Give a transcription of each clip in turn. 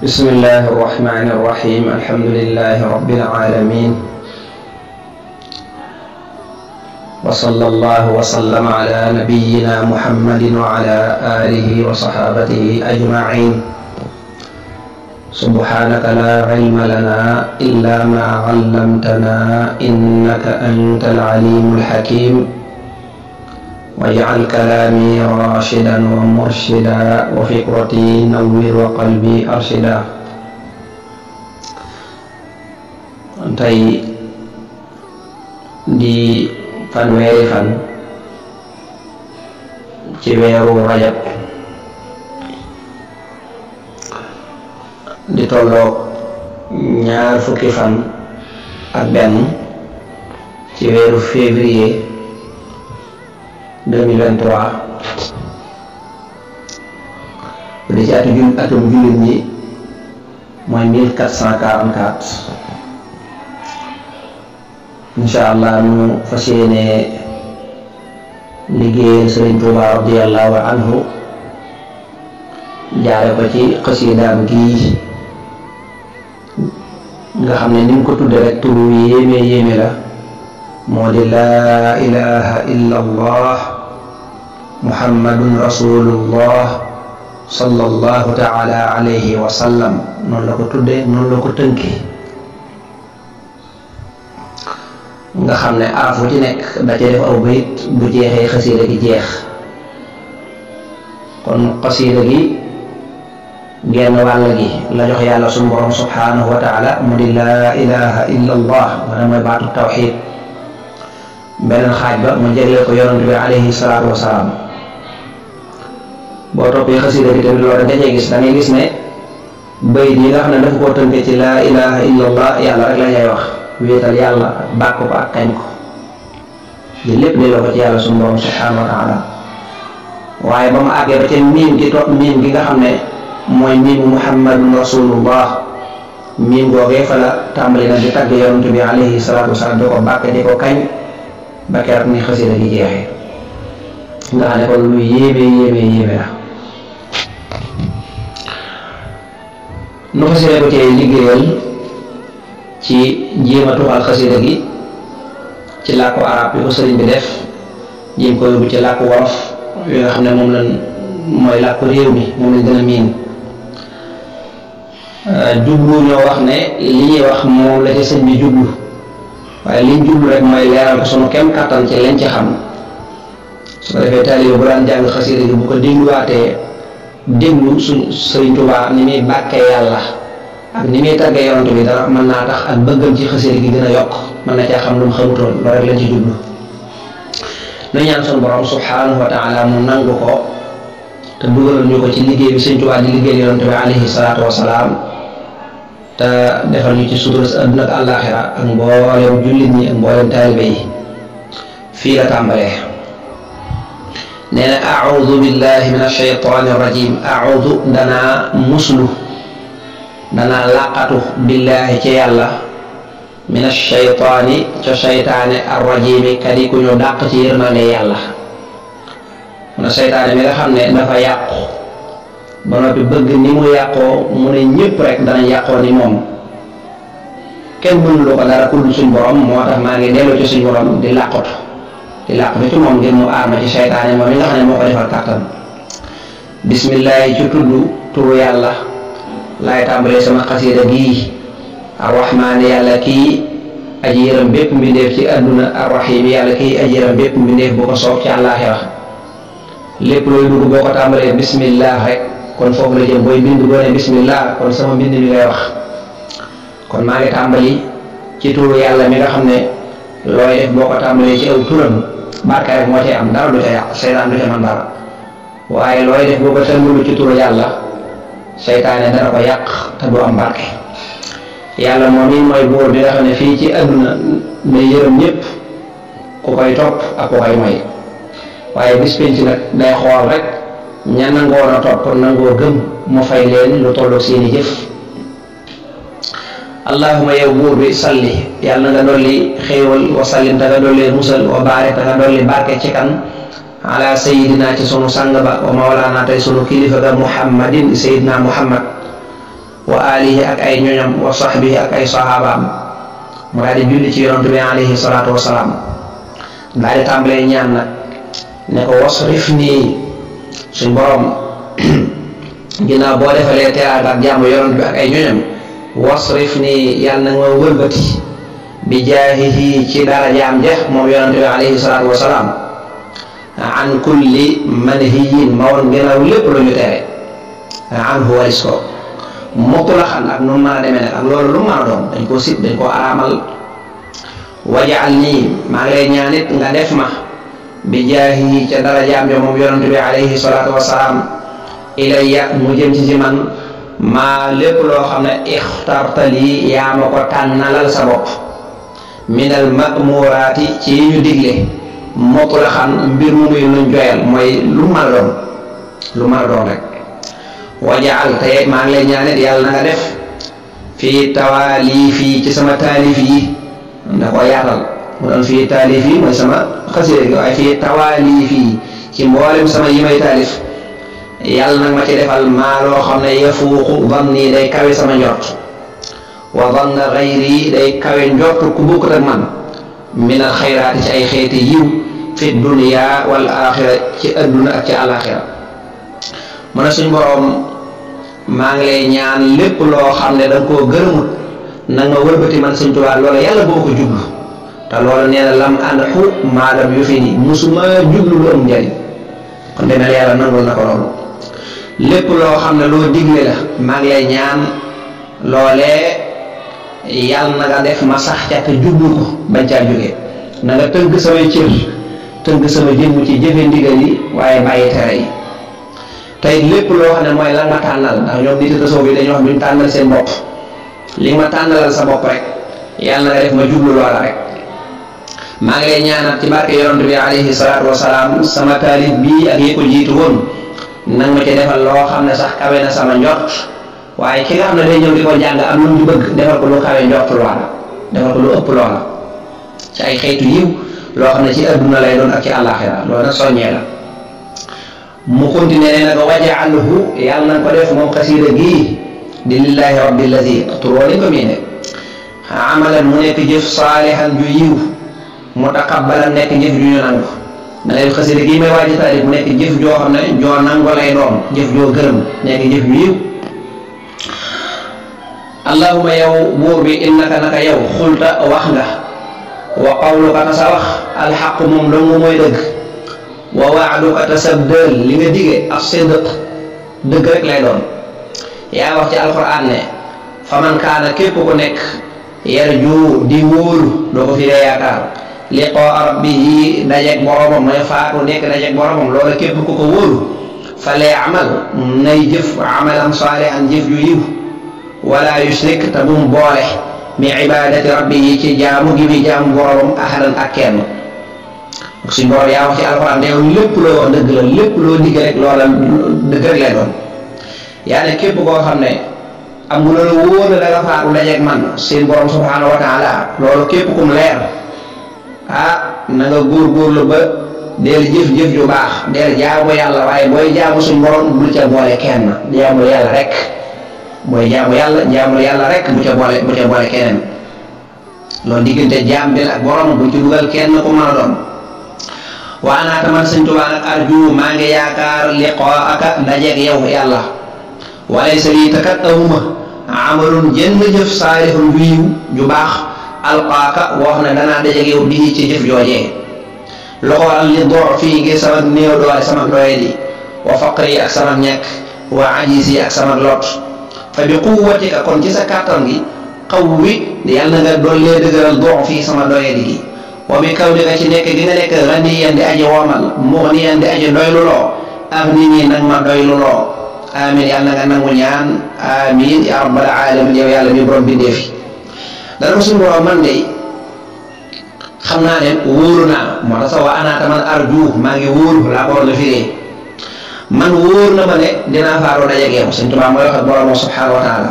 بسم الله الرحمن الرحيم الحمد لله رب العالمين وصلى الله وسلم على نبينا محمد وعلى آله وصحابته أجمعين سبحانك لا علم لنا إلا ما علمتنا إنك أنت العليم الحكيم واجعل كلامي راشدا ومرشدا وفكرتي نور وقلبي أرشدا tey di fanweeri fan ci weeru rajab di tolloog ñaar fukki fan ak ci weeru février 2023 bu dee ci atu jun atum ñi mooy 1444 incha allah ñu fas yéene liggéeyal Sëriñ Tuuba radiyallahu anhu jaare ko ci xasidaam gii nga xam ne ni mu ko tudde rek turu la moo di laa ilaha illa muhammadun rasulullah sallallahu taala alayhi wa sallam noonu la ko tuddee noonu la ko tënkee nga xam ne araf ci nekk da cee aw bayit bu jeexee xasiida gi jeex kon xasiida gi genn wàll gi la jox yàlla suñu borom subhaanahu wa taala mu di laa ilaha illa allah wala mooy baatu tawxid beneen xaaj ba mu jëglee ko yonent bi alayhi salaatu wasalaam boo toppee xasida bi tamit loolu da nga gis da ngay gis ne bayit yi nga xam ne dafa koo tënke ci laa ilaha illallah yàlla rek la ñuy wax wéetal yàlla bàkk ko ak kañ ko li lépp delloo ko ci yàlla suñu borom subhanahu wa taala waaye ba mu àggee ba ca miim gi topp miim gi nga xam ne mooy miimu muhammadun rasulullah miim googee fa la tàmbali na di tagg yonent bi alayhi salaatu wasalaam di ko bàkk di ko kañ ba keroog ni xasida gi jeexee nga xam ne kon lu nu xasee ko cee liggéeyal ci jéem a xasida gi ci làkku arab yi ko sëriñ bi def jéem ko yóbbu ci làkku wolof yoo xam ne moom lañ mooy làkku réew mi moom lañ gën a miin euh, jublu ñoo wax ne li ñuy wax moom la ci sëñ bi jublu waaye liñ jublu rek mooy leeral ko sunu kem kàttan ci lañ ci xam su ko defee taalibe bu daan jàng xasida gi bu ko dégluwaatee déglu suñ sëriñ Tuubaa ni muy bàkkee yàlla ak ah. ni muy tàggee yonent bi dara mën naa tax ak bëggam ci xasida gi gën a yokk mën na caa xam lu mu xamutoon loolu rek lañ ci jublu nu ñaan suñu borom subhaanahu wa mu nangu ko te dugalal ñu ko ci liggéey bi sëñ Tuubaa di liggéey yonent bi alayhi salaatu wa te defal ñu ci sutura si ak àllaaxira ak mboolem jullit ñi ak mboolem taalibe yi fii la tàmbalee nee na aaudu billahi min ashaytaani rajim aaudu danaa muslu danaa làqatu billaahi ci yàlla min ashaytaani ca shaytaane arrajimi kadi ku ñu dàq ci yërmande yàlla mu ne shaytaane mi nga xam ne dafa yàqu ba noppi bëgg ni mu yàqoo mu ne ñëpp rek dana yàqoo ni moom kenn mënulu ko dara ku suñ borom moo tax maa ngi dellu ci suñ borom di làqatu di làqatu ci moom ngir mu aar ma ci seytaane moom mi nga xam ne lépp looy dugg boo ko tàmbalee bismillah rek kon foofu la jëm booy bind boo ne bismillah kon sama mbind mi ngay wax kon maa ngi tàmbali ci turu yàlla mi nga xam ne looy def boo ko tàmbalee ci aw turam barkaay moo cay am dara du ca yàq seytaan du ca mën dara waaye looy def boo ko tëngalu ci turu yàlla seytaane dana ko yàq te du am barke yàlla moom i mooy buur bi nga ne fii ci àdduna ne yërëm ñëpp ku koy topp ak ku koy moy waaye bis penc nag day xool rek ña nangoon a topp nangoo gëm mu fay leen lu tollu seeni jëf allahuma yow buur bi salli yàlla na nga dolli xéewal wa sallim ta nga dolli musal wa baare ta nga dolli barke ci kan ala ci sunu sang ba wa mawlaana tey sunu kilifa ga muhammadin sayidina muhammad wa alihi ak ay ñoñam wa sahbihi ak ay sahabaam mu daal di julli ci yonent bi alayhi salaatu wasalaam nag ne ko wasrif nii suñ borom ginnaaw boo defalee teraanga ak jàmm yonent bi ak ay ñoñam wasrif nii yàlla na nga wëlbati bi jaahihi ci darajaam jeex moom yonante bi alayhi salaatu wasalaam ma woon gannaaw ak nu mu a demee nag loolu lu mu a doon dañ koo sit dañ koo araamal wajaal nii maa ngi lay nga def ma bi jaahihi ca darajaam ja moom yonante bi alayhi salaatu wasalaam ilayya mu jëm ci man maa lépp loo xam ne ixtartali yaa ma ko tànnalal sa bopp minal ci yi ñu digle mutlaxan mbir mu muy luñ joyal mooy lu mën a lu mën a rek wajaal te maa ngi lay ñaanit yàlla na nga def fii tawaalif ci sama taalif yi ko yaatal mu doon fii taalif mooy sama xasida gi waaye fii tawaalif yi ci mboolem sama yi taalif yàlla nag ma ci defal maa loo xam ne yafuuqu danni day kawe sama njort wa danna xayri day kawe njort ku bokkut ak man min al xayraati ci ay xeeti yiw fi dunya wal axira suñ boroom maa ñaan lépp xam ne da nga koo na loola yàlla boo ko jublu te loola nee na lam ànd xu maadam yu musuma jublu lu am njariñ kon demel yàlla nangul na ko loolu lépp loo xam ne loo digle la maa ngi lay ñaan loole yàlla na nga def ma sax ca te jublu ko bañ caa jóge na nga tënk samay cër tënk sama jëmm ci jëfe ndigal yi waaye bàyyi tere yi tey lépp loo xam ne mooy la ma tànnal ndax ñoom nit a tasoo bi dañoo xam ne tànnal seen bopp li ma tànnalal sa bopp rek yàlla na nga def ma jublu loola rek maa ngi lay ci barke yonent bi alayhi salaatu sama taalib bii ak yëpp jiitu woon nang ma ci defal loo xam ne sax kawe na sama njort waaye ki nga xam ne day ñëw di ko jàng am na mu bëgg defal ko lu kawe njort loola defal ay xeetu yiw xam ne ci adduna lay ak ci àllaaxira loolu nag soññee la mu continué nee na ko waja anhu yàlla na ko def moom xasiida gii di lillahi rabbi lazi turoo lañ ko miine amalan mu nekk jëf saalihan ju yiw mu taqabbalan nekk jëf ju ñu nangu da ngay xasida gi may waaj taalif nekk jëf joo xam ne joo nangu lay doon jëf joo gërëm nekk jëf yu yiw allahuma yow buur bi innaka naka yow xulta wax nga wa qawluka ta sa wax alxaq moom dongu mooy dëgg wa waaduka ta sab dël li nga dige ak sidq dëgg rek lay doon yaa wax ci alquran ne faman képp ku nekk yar ju di wóolu doo ko fi yaakaar liqaa rabbihi dajeeg boromam mooy faatu nekk dajeeg boromam loola képp ku ko wóolu fa lay amal nay jëf amalan saalihan jëf yu boole mi ibadati rabbihi ci jaamu gi bi jaamu boromam ahadan ak kenn suñ borom yaa wax alxuraan yow lépp loo digg rek loola dëgg rek lay doon yaa ne képp koo xam ne am nga loolu wóor na da faatu dajeeg man seen borom subhanahu wa loolu képp kum leer na nga góorgóorlu ba deel jëf-jëf ju baax deel jaamu yàlla waaye booy jaamu suñu borom bul ca boole kenn jaamu yàlla rek booy jaamu yàlla jaamu yàlla rek bu ca boole bu ca boole keneen kenn ku mën a doon waa naa taman sëñ Tuubaa nag maa ngi yaakaar liqaa aka ndajeeg yow yàlla walay sa lii takat awuma amalun jënn jëf saalihun wiiw ju baax alqaaka wax ne danaa dajeeg yow bii ci jëf joojee loxo waral li doo fii sama néew doole sama doyadi wa faqri ak sama ñàkk wa ajisi ak sama lot fa bi quwwatika kon ci sa kàttan gi qawwi yàlla na nga dollee dëgëral doo fii sama doyadi gi wa bi kaw dika ci nekk gi nga nekk ganiyan di yàlla na nga nangu ñaan yàlla mi borom bindee fi dana ko suñu borom man de xam naa leen wóoru naa moo tax sax waa anaata man arju maa ngi wóoru laa ko waroon a firee man wóor na ma ne dinaa faaroo dajeeg yow suñ tubaab mooy wax ak borom wa taala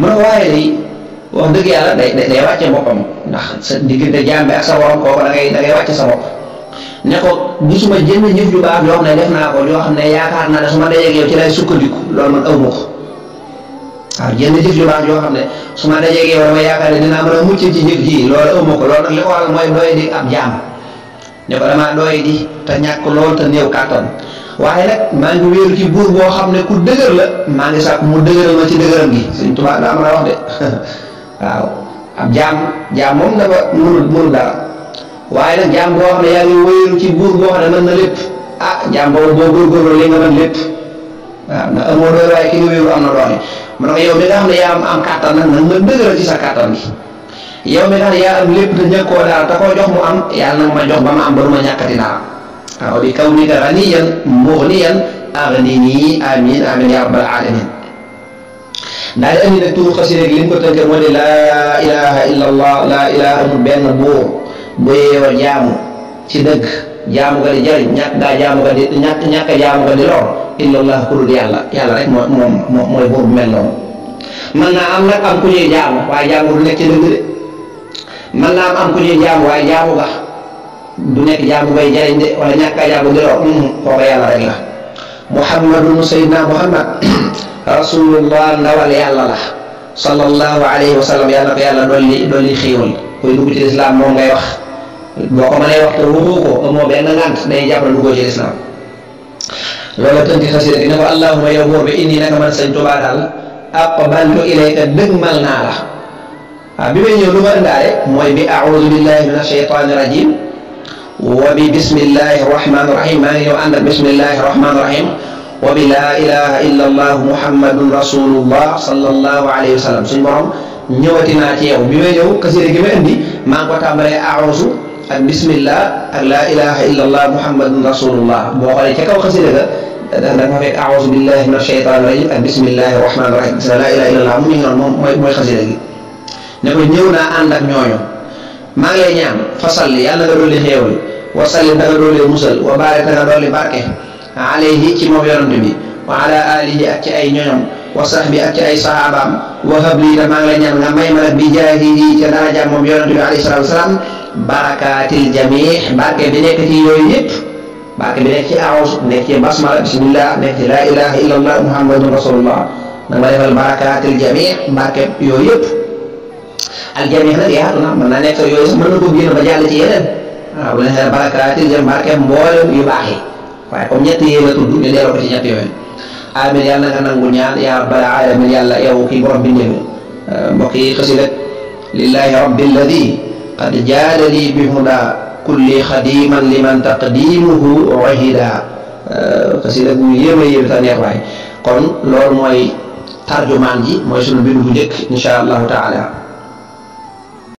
mu ne ndax sa diggante jaam ak sa borom kooku da ngay da ngay wàcce sa bopp ne ko gisuma jënd jëf ju baax yoo xam ne def naa ko yoo xam ne yaakaar naa ne su ma dajeeg yow ci lay sukkandiku loolu man aw waaw jënd jëf ju joo xam ne su ma dajee ak yow yaakaar ne dinaa mën a mucc ci jëf ji loolu ëmma ko loolu nag li ko mooy doy di ab jaam ne ko damaa doy di te waaye xam ne ku dëgër ma a wax de waaw ab jaam boo xam ne yaa ngi wéeru ci buur boo xam ne mën na lépp ah jaam boobu boo góorgóorlu li nga mën lépp waaw ndax amoo doole ki nga wéeru am na doole man nga yow mi nga xam yaa am am kàttan nag nag sa kàttan bi yow mi nga yaa am lépp te ñàkkoo dara te am yàlla nag ma jox ba am ba du ma ñàkkati dara waaw bi kaw ni ka amin amin ya rabbal alamin daal di andi nag tuur xasida rek li mu ko tënkee moo laa ilaha illa allah buur bu jaamu ci dëgg jaamu nga di jariñ ñàkk daa jaamu nga di ñàkk ñàkk a jaamu nga di lor illa allah kurul yàlla yàlla rek moo moom moo mooy boobu mel noonu mën naa am nag am ku ñuy jaamu waaye jaamu du nekk ci dëgg de mën naa am am ku ñuy jaamu waaye jaamu nga du nekk jaamu ngay jariñ de wala ñàkk a jaamu di lor mm-hmm. kooku yàlla rek la muhammadun sayyidina muhammad rasulullah ndawal yàlla la sallallahu alayhi wa sallam yàlla ko yàlla dolli dolli xéewal koy dugg ci lislaam moom ngay wax boo ko mënee waxtu waxoo ko amoo benn ngant day jàpp lu ko ci lislaam loolu tënk xasida dina ko allahuma yow buur bi indi naka man sëñ Tuubaa daal aqbaltu ilayka dëgmal naa la waaw bi may ñëw lu ma ëndaale mooy bi audu billahi min ashaytani rajim wa bi bismillahi rahmani rahim maa ngi ñëw ànd ak bismillahi rahmani rahim wa bi laa ilaha illa allah muhammadun rasulullah sallallahu alayhi wa sallam suñu borom ñëwati naa ci yow bi may ñëw xasida gi ma indi maa ngi ko tàmbalee audu ak bismillah ak laa ilaha illallah muhammadun rasulullah boo xoolee ca kaw xasida ga da nga fa fekk aouzu billahi min asheytaani rajim ak bismillahi rahmaani rahim gis nga laa ilaha illallah mu ngi noonu moom mooy mooy xasida gi ne ko ñëw naa ànd ak ñooñu maa ngi lay ñaan fasalli yàlla nga dolli xéewal wa salli da nga dolli musal wa baarik da nga dolli barke alayhi ci moom yonante bi wa ala alihi ak ci ay ñoñam wa sahbi ak ci ay sahabaam wa habli te maa la ñaan nga may ma bi jaahihi ca daraja moom yonent bi alayhi salaatu wasalaam barakaatil jamih barke bi nekk ci yooyu yëpp barke bi nekk ci aawus nekk ci bismillah nekk ci la ilaha illallah rasulullah na ma defal barakaatil jamih barke yooyu yëpp al jamih nag na mën naa nekk yooyu sax mën na ko génn ba jàll ci yeneen waaw bu la xee barakaatil jamih barke mboolem yu baax yi waaye comme ñett yee la amiin yàlla na nga nangu ñaan yaa rabbal alamin yàlla yow kii borom bi ndémi euh, mbokk yi xasi rek lillahi rabbi alladi qad jaadali bi huda kulli xadiman liman taqdimuhu wahida euh, xasi rek ñu yéem a yéem ta neex waay kon loolu mooy tarjumaan ji mooy sunu bindu bu njëkk incha allahu taala